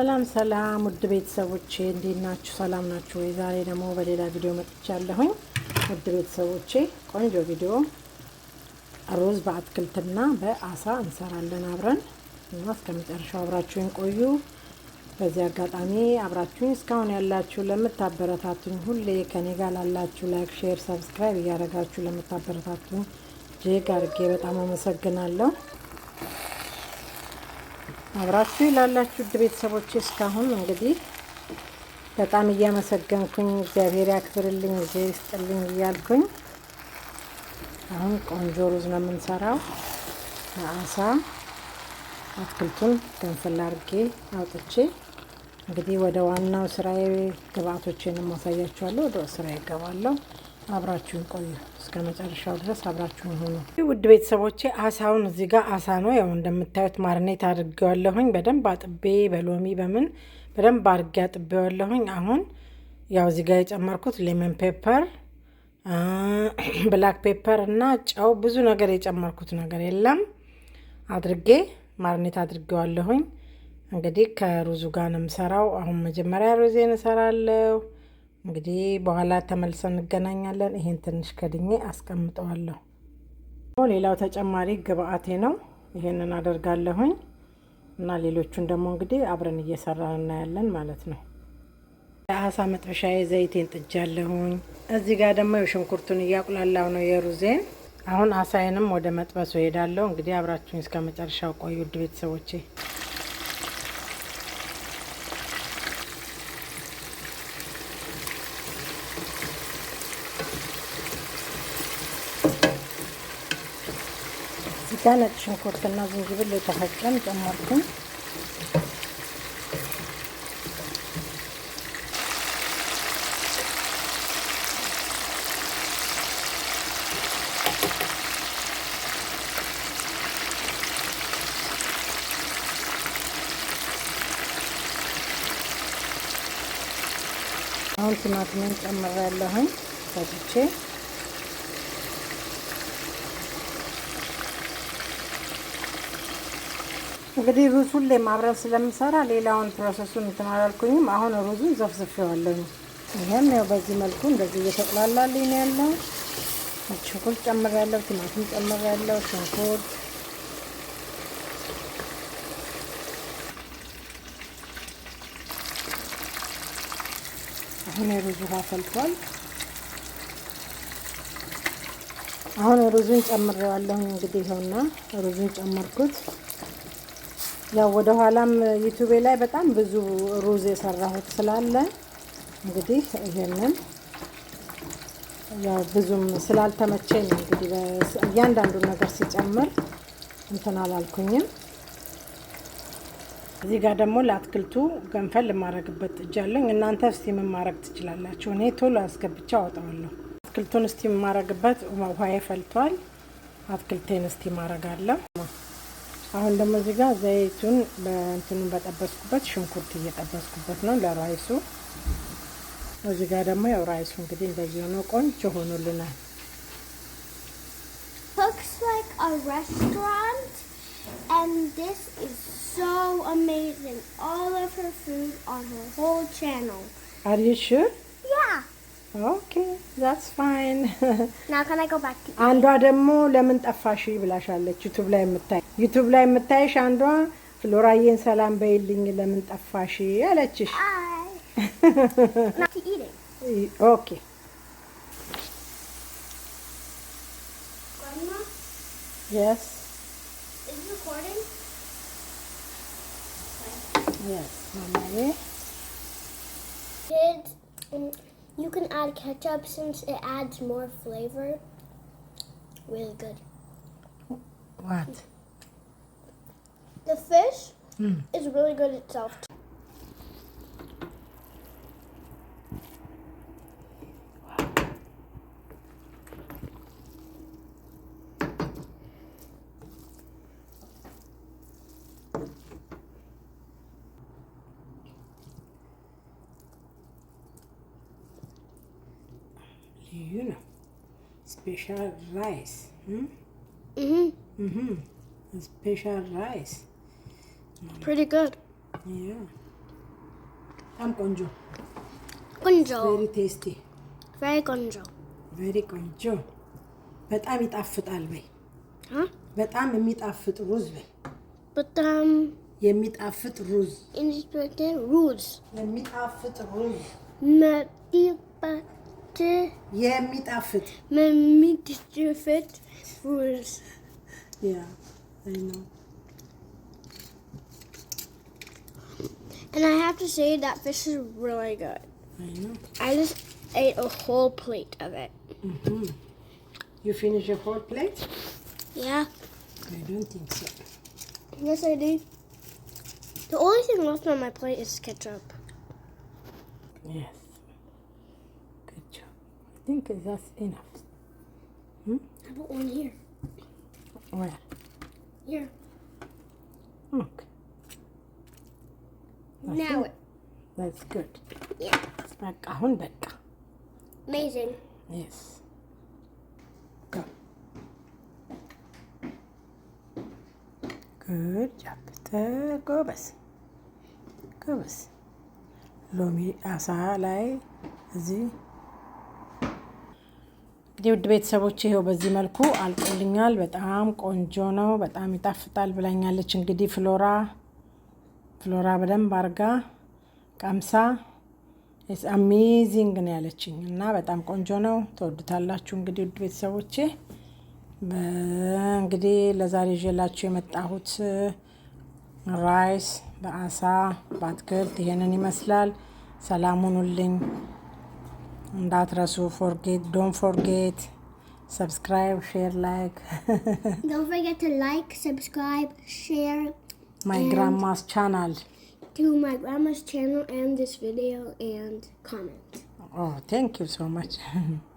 ሰላም ሰላም ውድ ቤተሰቦቼ እንዴት ናችሁ? ሰላም ናችሁ ወይ? ዛሬ ደግሞ በሌላ ቪዲዮ መጥቻለሁኝ። ውድ ቤተሰቦቼ ቆንጆ ቪዲዮ ሩዝ በአትክልትና በአሳ እንሰራለን አብረን እና እስከ መጨረሻው አብራችሁኝ ቆዩ። በዚህ አጋጣሚ አብራችሁኝ እስካሁን ያላችሁ ለምታበረታቱኝ፣ ሁሌ ከኔ ጋር ላላችሁ ላይክ፣ ሼር፣ ሰብስክራይብ እያደረጋችሁ ለምታበረታቱኝ እጅግ አድርጌ በጣም አመሰግናለሁ። አብራችሁ ላላችሁ ውድ ቤተሰቦች እስካሁን እንግዲህ በጣም እያመሰገንኩኝ እግዚአብሔር ያክብርልኝ እዚህ ይስጥልኝ እያልኩኝ አሁን ቆንጆ ሩዝ ነው የምንሰራው። አሳ አትክልቱን ገንፍል አድርጌ አውጥቼ እንግዲህ ወደ ዋናው ስራዬ ግብአቶቼንም ማሳያችኋለሁ። ወደ ስራዬ እገባለሁ። አብራችሁን ቆዩ። እስከ መጨረሻው ድረስ አብራችሁን ሆኑ። ውድ ቤተሰቦቼ አሳውን እዚህ ጋር አሳ ነው። ያው እንደምታዩት ማርኔት አድርጌዋለሁኝ። በደንብ አጥቤ በሎሚ በምን በደንብ አድርጌ አጥቤዋለሁኝ። አሁን ያው እዚህ ጋር የጨመርኩት ሌመን ፔፐር፣ ብላክ ፔፐር እና ጨው፣ ብዙ ነገር የጨመርኩት ነገር የለም አድርጌ ማርኔት አድርጌዋለሁኝ። እንግዲህ ከሩዙ ጋር ነው የምሰራው። አሁን መጀመሪያ ሩዜን እሰራለሁ። እንግዲህ በኋላ ተመልሰን እንገናኛለን። ይሄን ትንሽ ከድኜ አስቀምጠዋለሁ። ሌላው ተጨማሪ ግብአቴ ነው። ይሄንን አደርጋለሁኝ እና ሌሎቹን ደግሞ እንግዲህ አብረን እየሰራ እናያለን ማለት ነው። የአሳ መጥበሻዬ ዘይቴን ጥጃለሁኝ። እዚህ ጋር ደግሞ የሽንኩርቱን እያቁላላሁ ነው የሩዜን። አሁን አሳይንም ወደ መጥበሱ ሄዳለሁ። እንግዲህ አብራችሁኝ እስከ መጨረሻው ቆዩ ውድ ቤተሰቦቼ። እዚህ ጋር ነጭ ሽንኩርትና ዝንጅብል የተፈጨም ጨመርኩኝ። አሁን ቲማቲምን ጨምሬያለሁኝ ፈጭቼ እንግዲህ ሩዝ ሁሌም ስለምሰራ ሌላውን ፕሮሰሱን የተማራልኩኝም አሁን ሩዙን ዘፍዝፌዋለሁ። ይህም ያው በዚህ መልኩ እንደዚህ እየተቁላላልኝ ነው ያለው። ሽንኩርት ጨምሬያለሁ፣ ቲማቲም ጨምሬያለሁ፣ ሽንኩርት አሁን የሩዙ ውሃ ፈልቷል። አሁን ሩዙን ጨምሬዋለሁ። እንግዲህ ይኸውና ሩዙን ጨመርኩት። ያው ወደ ኋላም ዩቱቤ ላይ በጣም ብዙ ሩዝ የሰራሁት ስላለ እንግዲህ ይሄንን ያው ብዙም ስላልተመቸኝ እንግዲህ እያንዳንዱን ነገር ሲጨምር እንትን አላልኩኝም። እዚህ ጋር ደግሞ ለአትክልቱ ገንፈል ማረግበት ጥጃለኝ። እናንተ እስቲም ማረግ ትችላላችሁ። እኔ ቶሎ አስገብቻ አወጣዋለሁ። አትክልቱን እስቲ የምማረግበት ውሃዬ ፈልቷል። አትክልቴን እስቲ ማረጋለሁ። አሁን ደግሞ እዚህ ጋር ዘይቱን በእንትኑን በጠበስኩበት ሽንኩርት እየጠበስኩበት ነው ለራይሱ። እዚህ ጋር ደግሞ ያው ራይሱ እንግዲህ እንደዚህ ሆኖ ቆንጆ ሆኖልናል። Looks like a restaurant and this is so amazing. All of her food on her whole channel. Are you sure? ኦኬ ዛትስ ፋይን። አንዷ ደግሞ ለምን ጠፋሽ ብላሻለች። ዩቱብ ላይ የምታይ ዩቱብ ላይ የምታይሽ አንዷ ፍሎራዬን ሰላም በይልኝ ለምን ጠፋሽ ያለችሽ። ኦኬ የስ የስ You can add ketchup since it adds more flavor. Really good. What? The fish mm. is really good itself. too. you know, special rice. Hmm? Mm-hmm. Mm-hmm. Special rice. Pretty good. Yeah. I'm konjo. Konjo. Very tasty. Very konjo. Very konjo. በጣም ይጣፍጣል በይ። በጣም የሚጣፍጥ ሩዝ በይ። በጣም የሚጣፍጥ ሩዝ ኢንስፔክተር ሩዝ የሚጣፍጥ ሩዝ መጢ የሚጣፍጥ የሚጣፍጥ ፉርስ ያ አይ know. And I have to say that fish is really good. I know. I just ate a whole plate of it. Mm-hmm. You finished your whole plate? Yeah. I don't think so. Yes, I did. The only thing left on my plate is ketchup. Yes think that's enough. Hmm? I put one here. Where? Here. Look. That's now it. That's good. Yeah. Spräcka hundbäcka. Amazing. Yes. Go. Good job, Peter. Go, Bess. Go, Bess. ሎሚ አሳ ላይ እዚህ የውድ ቤተሰቦች ይኸው በዚህ መልኩ አልቆልኛል። በጣም ቆንጆ ነው፣ በጣም ይጣፍጣል ብላኛለች። እንግዲህ ፍሎራ ፍሎራ በደንብ አርጋ ቀምሳ አሜዚንግ ነው ያለችኝ እና በጣም ቆንጆ ነው። ተወዱታላችሁ። እንግዲህ ውድ ቤተሰቦቼ እንግዲህ ለዛሬ ይዤላችሁ የመጣሁት ራይስ በአሳ በአትክልት ይሄንን ይመስላል። ሰላም ሁኑልኝ። that also forget don't forget subscribe share like don't forget to like subscribe share my grandma's channel to my grandma's channel and this video and comment oh thank you so much